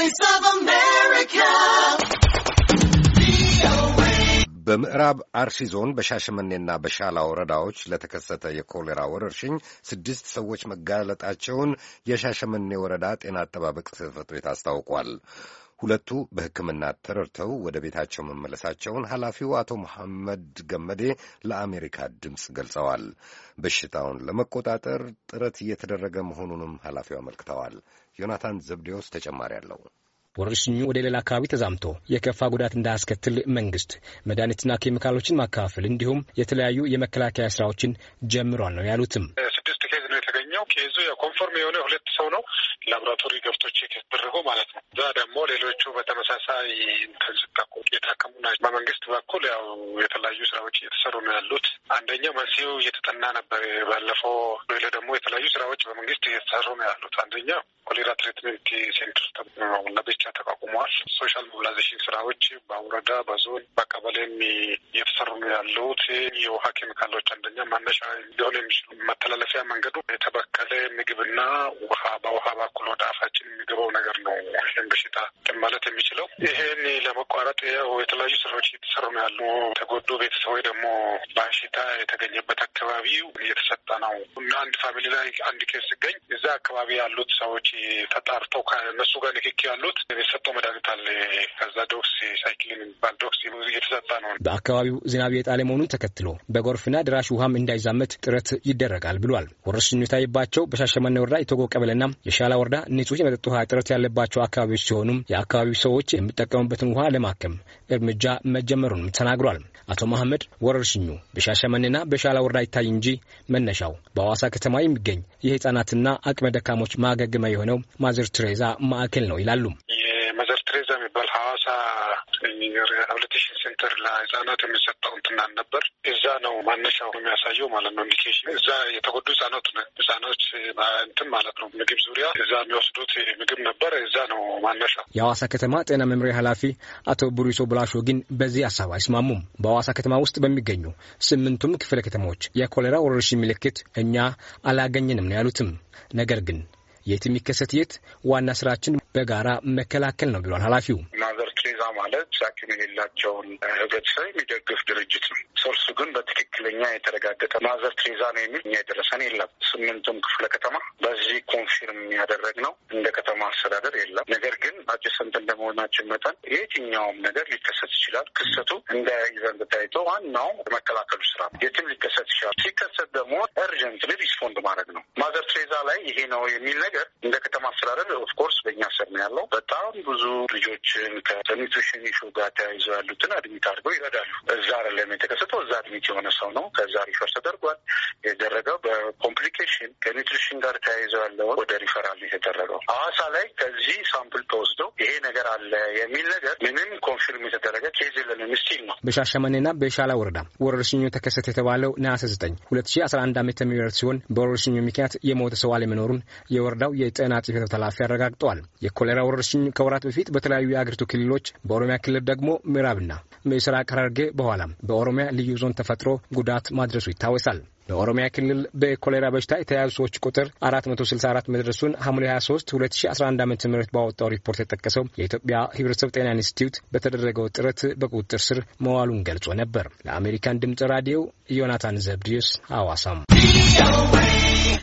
Voice of America. በምዕራብ አርሲ ዞን በሻሸመኔና በሻላ ወረዳዎች ለተከሰተ የኮሌራ ወረርሽኝ ስድስት ሰዎች መጋለጣቸውን የሻሸመኔ ወረዳ ጤና አጠባበቅ ጽሕፈት ቤት አስታውቋል። ሁለቱ በሕክምና ተረድተው ወደ ቤታቸው መመለሳቸውን ኃላፊው አቶ መሐመድ ገመዴ ለአሜሪካ ድምፅ ገልጸዋል። በሽታውን ለመቆጣጠር ጥረት እየተደረገ መሆኑንም ኃላፊው አመልክተዋል። ዮናታን ዘብዴዎስ ተጨማሪ አለው። ወረርሽኙ ወደ ሌላ አካባቢ ተዛምቶ የከፋ ጉዳት እንዳያስከትል መንግስት መድኃኒትና ኬሚካሎችን ማካፈል እንዲሁም የተለያዩ የመከላከያ ስራዎችን ጀምሯል ነው ያሉትም ኬዙ የኮንፎርም የሆነ ሁለት ሰው ነው ላቦራቶሪ ገብቶ ቼክ ማለት ነው። እዛ ደግሞ ሌሎቹ በተመሳሳይ ተንስታቁ የታከሙ ናቸው። በመንግስት በኩል ያው የተለያዩ ስራዎች እየተሰሩ ነው ያሉት። አንደኛው መንስኤው እየተጠና ነበር ባለፈው። ሌላ ደግሞ የተለያዩ ስራዎች በመንግስት እየተሰሩ ነው ያሉት። አንደኛው ኮሌራ ትሪትመንት ሴንተር ለብቻ ተቋቁመዋል። ሶሻል ሞቢላይዜሽን ስራዎች በወረዳ በዞን በቀበሌም እየተሰሩ ነው ያሉት። የውሃ ኬሚካሎች አንደኛ ማነሻ ሊሆን የሚችሉ መተላለፊያ መንገዱ የተበከለ ያለ ምግብና ውሃ በውሃ በኩል ወደ አፋችን የሚገባው ነገር ነው ይህን በሽታ ማለት የሚችለው ይሄን ያለማቋረጥ የተለያዩ ስራዎች እየተሰሩ ነው ያሉ። ተጎዱ ቤተሰቦች ደግሞ በሽታ የተገኘበት አካባቢ እየተሰጠ ነው እና አንድ ፋሚሊ ላይ አንድ ኬስ ሲገኝ እዛ አካባቢ ያሉት ሰዎች ተጣርተው ከነሱ ጋር ንክኪ ያሉት የሰጠው መድኃኒት አለ። ከዛ ዶክስ ሳይክሊን የሚባል ዶክስ እየተሰጠ ነው። በአካባቢው ዝናብ የጣለ መሆኑን ተከትሎ በጎርፍና ድራሽ ውሃም እንዳይዛመት ጥረት ይደረጋል ብሏል። ወረርሽኙ የታየባቸው በሻሸመኔ ወረዳ የቶጎ ቀበሌና የሻላ ወረዳ ንጹህ የመጠጥ ውሃ ጥረት ያለባቸው አካባቢዎች ሲሆኑም የአካባቢው ሰዎች የሚጠቀሙበትን ውሃ ለማ ለማከም እርምጃ መጀመሩንም ተናግሯል። አቶ መሐመድ ወረርሽኙ በሻሸመኔና በሻላ ወረዳ ይታይ እንጂ መነሻው በሐዋሳ ከተማ የሚገኝ የህጻናትና አቅመ ደካሞች ማገገሚያ የሆነው ማዘር ትሬዛ ማዕከል ነው ይላሉ። የማዘር ትሬዛ የሚባል ሐዋሳ ሁለት ሺህ ሴንተር ለህጻናት የምንሰጠው እንትናን ነበር። እዛ ነው ማነሻው የሚያሳየው ማለት ነው። ኢንዲኬሽን እዛ የተጎዱ ህጻናት ህጻናት እንትን ማለት ነው። ምግብ ዙሪያ እዛ የሚወስዱት ምግብ ነበር። እዛ ነው ማነሻው። የአዋሳ ከተማ ጤና መምሪያ ኃላፊ አቶ ቡሪሶ ብላሾ ግን በዚህ ሀሳብ አይስማሙም። በአዋሳ ከተማ ውስጥ በሚገኙ ስምንቱም ክፍለ ከተማዎች የኮሌራ ወረርሽኝ ምልክት እኛ አላገኘንም ነው ያሉትም ነገር ግን የት የሚከሰት የት ዋና ስራችን በጋራ መከላከል ነው ብሏል ኃላፊው። ማለት አቅም የሌላቸውን ህብረተሰብ የሚደግፍ ድርጅት ነው። ሶርሱ ግን በትክክለኛ የተረጋገጠ ማዘር ትሬዛ ነው የሚል እኛ የደረሰን የለም። ስምንቱም ክፍለ ከተማ በዚህ ሹር የሚያደረግ ነው እንደ ከተማ አስተዳደር የለም። ነገር ግን አጀሰንት ስንት እንደመሆናችን መጠን የትኛውም ነገር ሊከሰት ይችላል። ክሰቱ እንዳይዘንብ ታይቶ ዋናው መከላከሉ ስራ ነው። የትም ሊከሰት ይችላል። ሲከሰት ደግሞ እርጀንትሊ ሪስፖንድ ማድረግ ነው። ማዘር ትሬዛ ላይ ይሄ ነው የሚል ነገር እንደ ከተማ አስተዳደር ኦፍኮርስ በእኛ ስር ነው ያለው። በጣም ብዙ ልጆችን ከኒትሪሽን ኢሹ ጋር ተያይዘው ያሉትን አድሚት አድርገው ይረዳሉ። እዛ አይደለም የተከሰተው፣ እዛ አድሚት የሆነ ሰው ነው። ከዛ ሪፈር ተደርጓል። የደረገው በኮምፕሊኬሽን ከኒትሪሽን ጋር ተያይዘው ያለውን ወደ ሪፈራል የተደረገው ሐዋሳ ላይ ከዚህ ሳምፕል ተወስዶ ይሄ ነገር አለ የሚል ነገር ምንም ኮንፊርም የተደረገ ኬዝ የለንም ስቲል ነው። በሻሸመኔና በሻላ ወረዳ ወረርሽኙ ተከሰተ የተባለው ነሐሴ ዘጠኝ ሁለት ሺ አስራ አንድ ዓመተ ምህረት ሲሆን በወረርሽኙ ምክንያት የሞተ ሰው አለመኖሩን የወረዳው የጤና ጽሕፈት ኃላፊ አረጋግጠዋል። የኮሌራ ወረርሽኝ ከወራት በፊት በተለያዩ የአገሪቱ ክልሎች በኦሮሚያ ክልል ደግሞ ምዕራብና ምስራቅ ሐረርጌ በኋላም በኦሮሚያ ልዩ ዞን ተፈጥሮ ጉዳት ማድረሱ ይታወሳል። በኦሮሚያ ክልል በኮሌራ በሽታ የተያዙ ሰዎች ቁጥር 464 መድረሱን ሐምሌ 23 2011 ዓ ም ባወጣው ሪፖርት የጠቀሰው የኢትዮጵያ ሕብረተሰብ ጤና ኢንስቲትዩት በተደረገው ጥረት በቁጥጥር ስር መዋሉን ገልጾ ነበር። ለአሜሪካን ድምፅ ራዲዮ ዮናታን ዘብዲዮስ አዋሳም